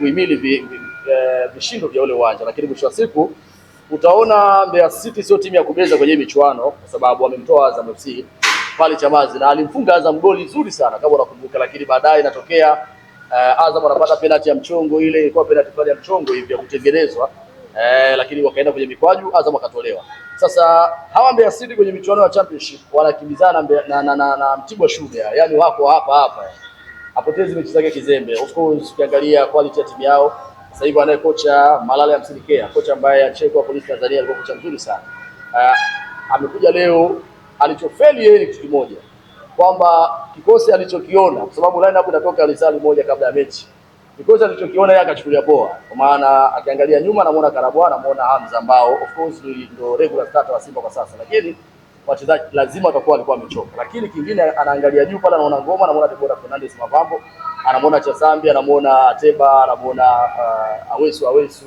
kuhimili eh, vishindo vya ule uwanja, lakini mwisho wa siku utaona Mbeya City sio timu ya kubeza kwenye michuano, kwa sababu amemtoa Azam FC pale Chamazi na alimfunga Azam goli zuri sana kama unakumbuka, lakini baadaye inatokea uh, Azam anapata penalti ya mchongo, ile ilikuwa penalti ya mchongo hivi ya kutengenezwa uh, lakini wakaenda kwenye mikwaju Azam akatolewa. Sasa hawa Mbeya City kwenye michuano ya championship wanakimbizana na, na, na, na Mtibwa Sugar, yani wako hapa hapa hapotezi mechi zake kizembe. course ukiangalia quality ya timu yao sasa hivi, anaye kocha Malale Amsinikea, kocha ambaye achekwa polisi Tanzania, alikuwa kocha mzuri sana. Uh, amekuja leo, alichofeli yeye ni kitu kimoja, kwamba kikosi alichokiona, kwa sababu lineup inatoka lisali moja kabla ya mechi, kikosi alichokiona yeye akachukulia poa, kwa maana akiangalia nyuma anamuona Karabwa, anamuona Hamza ambao of course ndio regular starter wa Simba kwa sasa, lakini wachezaji lazima watakuwa walikuwa wamechoka. Lakini kingine anaangalia juu pale, anaona Ngoma, anamuona Deborah Fernandez Mavambo, anamuona Chasambi, anamuona Ateba, anamuona uh, Awesu Awesu,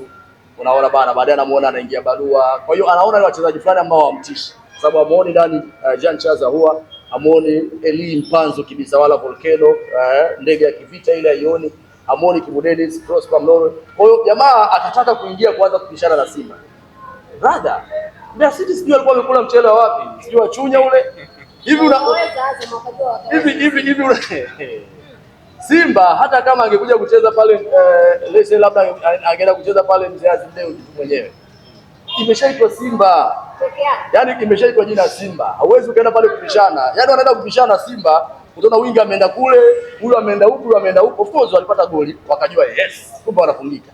unaona bana, baadaye anamuona anaingia Barua. Kwa hiyo anaona wale wachezaji fulani ambao wamtishi, sababu amuoni ndani uh, Jean Chaza huwa amuoni Eli Mpanzo kibisa wala Volcano uh, ndege ya kivita ile aioni Amoni Kibudenis Prosper Mloro. Kwa hiyo jamaa atataka kuingia kuanza kupishana na Simba. Brother, na sisi sijui alikuwa amekula mchele wa wapi, sijui wa Chunya ule hivi una hivi hivi hivi ule Simba hata kama angekuja kucheza pale eh, lese labda angeenda kucheza pale mzee Azimdeu mwenyewe, imeshaitwa Simba yaani imeshaitwa jina Simba, hauwezi ukaenda pale kupishana. Yaani wanaenda kupishana Simba, utaona wingi ameenda kule, huyu ameenda huku, huyu ameenda huku. Of course walipata goli wakajua yes, kumbe wanafungika,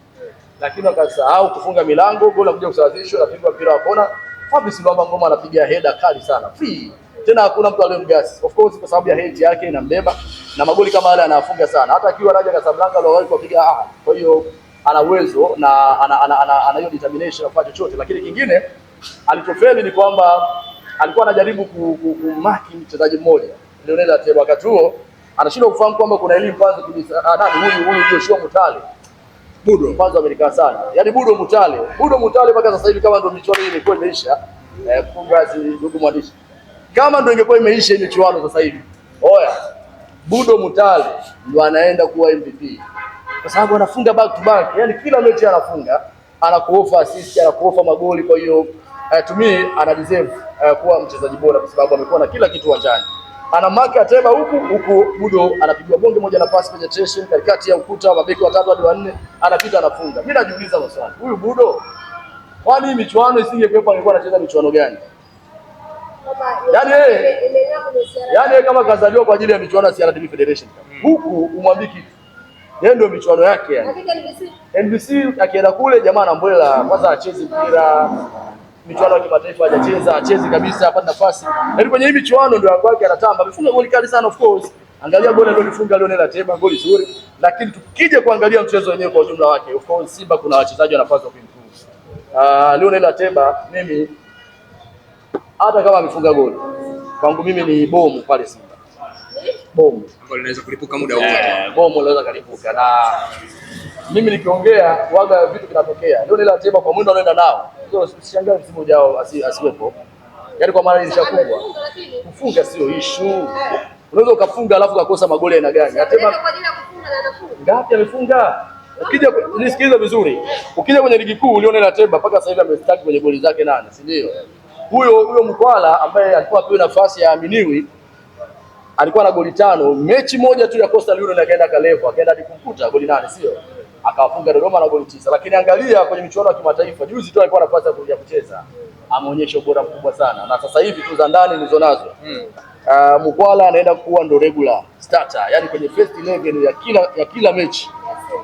lakini wakasahau kufunga milango, goli kuja kusawazishwa, napigwa mpira wa kona Fabrice Luamba Ngoma anapiga heda kali sana free tena, hakuna mtu aliyemgasi, of course, kwa sababu ya hate yake inambeba, na magoli kama yale anafunga sana, hata akiwa Raja Casablanca leo alipopiga ah. Kwa hiyo ana uwezo na ana ana, ana, ana hiyo determination ya kufanya chochote, lakini kingine alichofeli ni kwamba alikuwa anajaribu kumaki mchezaji mmoja Lionel Ateba, wakati huo anashindwa kufahamu kwamba kuna elimu kwanza, ah, huyu huyu Joshua Mutale Budo. Kwanza amenikaa sana. Yaani Budo Mutale. Budo Mutale mpaka sasa hivi kama ndio michuano hii ilikuwa imeisha. Eh, congrats ndugu mwandishi. Kama ndio ingekuwa imeisha hii michuano sasa hivi. Oya. Budo Mutale ndio anaenda kuwa MVP. Kwa sababu anafunga back to back. Yaani kila mechi anafunga, anakuofa assist, anakuofa magoli kwa hiyo eh, to ana deserve eh, kuwa mchezaji bora kwa sababu amekuwa na kila kitu uwanjani. Ana mark atema huku huku, budo anapigwa bonge moja na pass penetration katikati ya ukuta, mabeki watatu hadi wanne, anapita anafunga. Mimi najiuliza maswali, huyu budo, kwani michuano isingekuwepo angekuwa anacheza michuano gani? Yaani yeye yaani yeye kama kazaliwa kwa ajili ya michuano ya CRDB Federation hmm. huku umwambiki, yeye ndio michuano yake yani. NBC akienda kule jamaa anambwela kwanza acheze mpira michuano ya kimataifa hajacheza, achezi kabisa, hapana nafasi. Yaani kwenye hii michuano ndio yako yake anatamba. Amefunga goli kali sana of course. Angalia goli alilolifunga Lionel Ateba, goli zuri. Lakini tukija kuangalia mchezo wenyewe kwa ujumla wake, of course Simba kuna wachezaji wanapaswa kuimprove. Ah, uh, Lionel Ateba mimi hata kama amefunga goli kwangu mimi ni bomu pale Simba. Bomu ambalo linaweza kulipuka muda wote. Yeah, bomu linaweza kulipuka na mimi nikiongea waga vitu vinatokea. Lionel Ateba kwa mwendo anaenda nao shangaa msimu ujao asiwepo. Yaani kwa maana kubwa Kufunga sio issue. Unaweza ukafunga alafu ukakosa magoli aina gani? Atema ngapi amefunga? Ukija nisikilize vizuri. Ukija kwenye ligi kuu uliona ile Temba mpaka sasa hivi amestaki kwenye goli zake nane, si ndio? Huyo huyo Mkwala ambaye alikuwa apewe nafasi ya aminiwi alikuwa na goli tano, mechi moja tu ya Coastal Union akaenda kalevo, akaenda hadi kumkuta goli nane, sio? akawafunga Dodoma na goli tisa, lakini angalia kwenye michuano ya kimataifa juzi tu alikuwa anapata kuja kucheza, ameonyesha ubora mkubwa sana, na sasa hivi tu za ndani nilizo nazo hmm. Uh, ah, Mkwala anaenda kuwa ndo regular starter, yani kwenye first eleven ya kila ya kila mechi,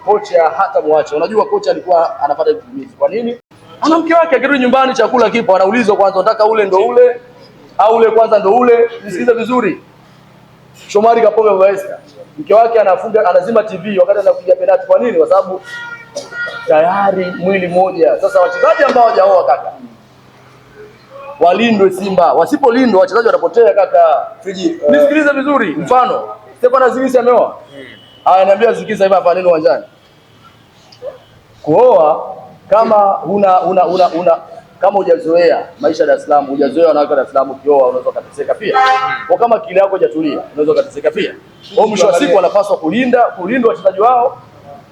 kocha hata mwache. Unajua kocha alikuwa anapata vitumizi. Kwa nini? Ana mke wake, akirudi nyumbani chakula kipo, anaulizwa kwanza, unataka ule ndo ule au ule kwanza ndo ule. Nisikize vizuri, Shomari Kapombe Baba mke wake anafunga anazima TV wakati anapiga penalti. Kwa nini? Kwa sababu tayari mwili mmoja. Sasa wachezaji ambao hawajaoa kaka, walindwe Simba. Wasipolindwa wachezaji watapotea kaka. Uh, nisikilize eh. vizuri. Mfano Stefan Azizi ameoa, hmm. ananiambia Azizi hivi hapa neno uwanjani kuoa kama una una una, una kama hujazoea maisha Dar es Salaam, hujazoea wanawake wa Dar es Salaam, ukioa unaweza ukateseka pia, hmm. kwa kama akili yako hajatulia unaweza ukateseka pia. Kwa mwisho wa siku wanapaswa kulinda kulinda wachezaji wao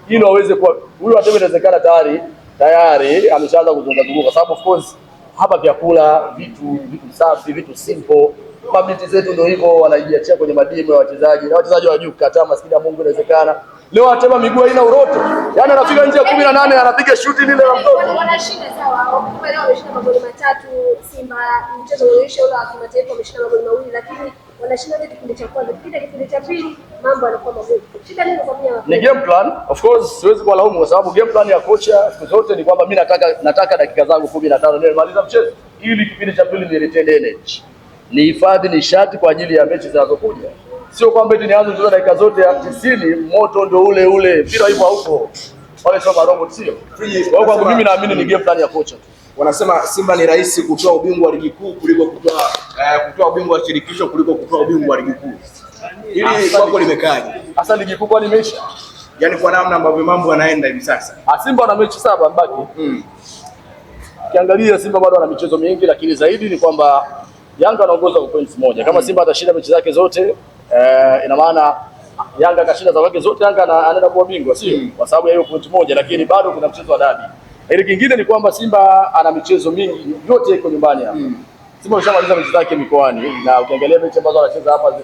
ili waweze kuwa huyo atego, inawezekana tayari tayari ameshaanza kuzunguka zunguka, sababu of course hapa vyakula, vitu vitu safi, vitu simple mabinti zetu ndio hivyo, wanajiachia kwenye madimu ya wachezaji na wachezaji wajuu kukataa, maskini ya Mungu, inawezekana Leo atema miguu haina uroto, yani anafika nje ya kumi na nane anapiga shuti lile la mtoto. Wanashinda sawa, leo wameshinda magoli matatu. Simba mchezo ulioisha ule wa kimataifa wameshinda magoli mawili, lakini wanashinda ile kipindi cha kwanza, kipindi kipindi cha pili mambo yanakuwa magumu. Shida nini kwa mnyama? Ni game plan. Of course siwezi kuwalaumu kwa sababu game plan ya kocha siku zote ni kwamba mimi nataka nataka dakika zangu 15 ndio nimaliza mchezo, ili kipindi cha pili ni nilete energy, nihifadhi nishati kwa ajili ya mechi zinazokuja sio kwamba eti nianze kucheza dakika zote ya 90 moto ndio ule ule, bila hivyo huko wale sio marongo, sio wao. Kwangu mimi naamini ni game plan ya kocha Wanasema Simba ni rahisi kutoa ubingwa wa ligi kuu kuliko kutoa uh, kutoa ubingwa wa shirikisho kuliko kutoa ubingwa wa ligi kuu. Hili kwako limekaje? Hasa ligi kuu kwani imeisha? Yaani kwa namna ambavyo mambo yanaenda hivi sasa. Ah, Simba wana mechi saba mbaki. Mm. Kiangalia Simba bado ana michezo mingi, lakini zaidi ni kwamba Yanga anaongoza kwa points moja. Kama hmm. Simba atashinda mechi zake zote eh, ina maana Yanga kashinda za wake zote, Yanga anaenda kuwa bingwa sio? mm. kwa sababu ya hiyo point moja, lakini bado kuna mchezo wa dabi. Ile kingine ni kwamba Simba ana michezo mingi yote iko nyumbani hapa mm. Simba ameshamaliza mechi zake mikoani, mm. na ukiangalia mechi ambazo anacheza hapa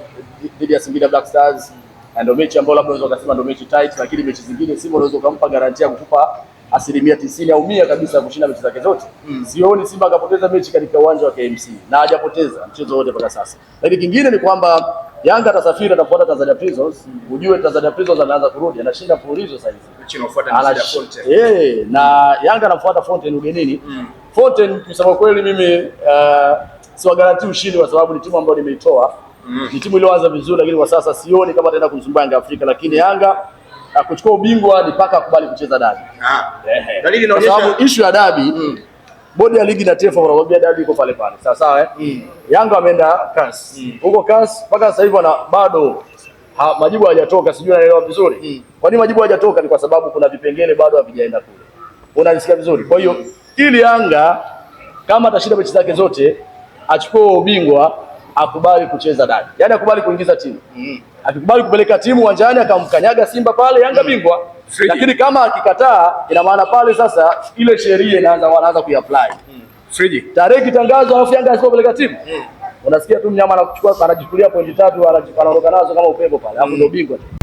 dhidi ya Singida Black Stars ndio mechi ambayo labda unaweza kusema ndio mechi tight, lakini mechi zingine Simba unaweza kumpa garantia ya kukupa asilimia tisini au mia kabisa ya kushinda mechi zake zote. Mm. Sioni Simba akapoteza mechi katika uwanja wa KMC na hajapoteza mchezo wote mpaka sasa. Lakini kingine ni kwamba Yanga atasafiri atafuata Tanzania Prisons, ujue Tanzania Prisons anaanza kurudi, anashinda fululizo sasa hivi. Eh, na Yanga anafuata Fountain ugenini. Mm. Fountain kusema kweli mimi uh, siwagarantii ushindi kwa sababu ni timu ambayo nimeitoa. Mm. Ni timu iliyoanza vizuri lakini kwa sasa sioni kama ataenda kumsumbua Yanga Afrika lakini Yanga eh, kuchukua ubingwa ni paka akubali kucheza dabi. Ah. Dalili inaonyesha issue ya dabi. Mm bodi ya ligi na TFF wanakuambia dabi iko pale pale, sawa sawa eh? mm. Yanga ameenda CAS mm. huko mm. CAS mpaka sasa hivi wana bado ha, majibu hayajatoka, sijui naelewa vizuri mm. Kwa nini majibu hayajatoka? Ni kwa sababu kuna vipengele bado havijaenda kule, unanisikia vizuri? Kwa hiyo mm. ili Yanga kama atashinda mechi zake zote achukue ubingwa akubali kucheza ndani, yaani akubali kuingiza timu mm. Akikubali kupeleka timu uwanjani akamkanyaga Simba pale, Yanga bingwa mm. Lakini kama akikataa, ina maana pale sasa ile sheria inaanza wanaanza kuiapply mm. Friji tarehe kitangazo, alafu Yanga asipopeleka timu mm. Unasikia tu mnyama anachukua anajichukulia pointi tatu anaondoka nazo kama upepo pale, alafu ndio bingwa mm.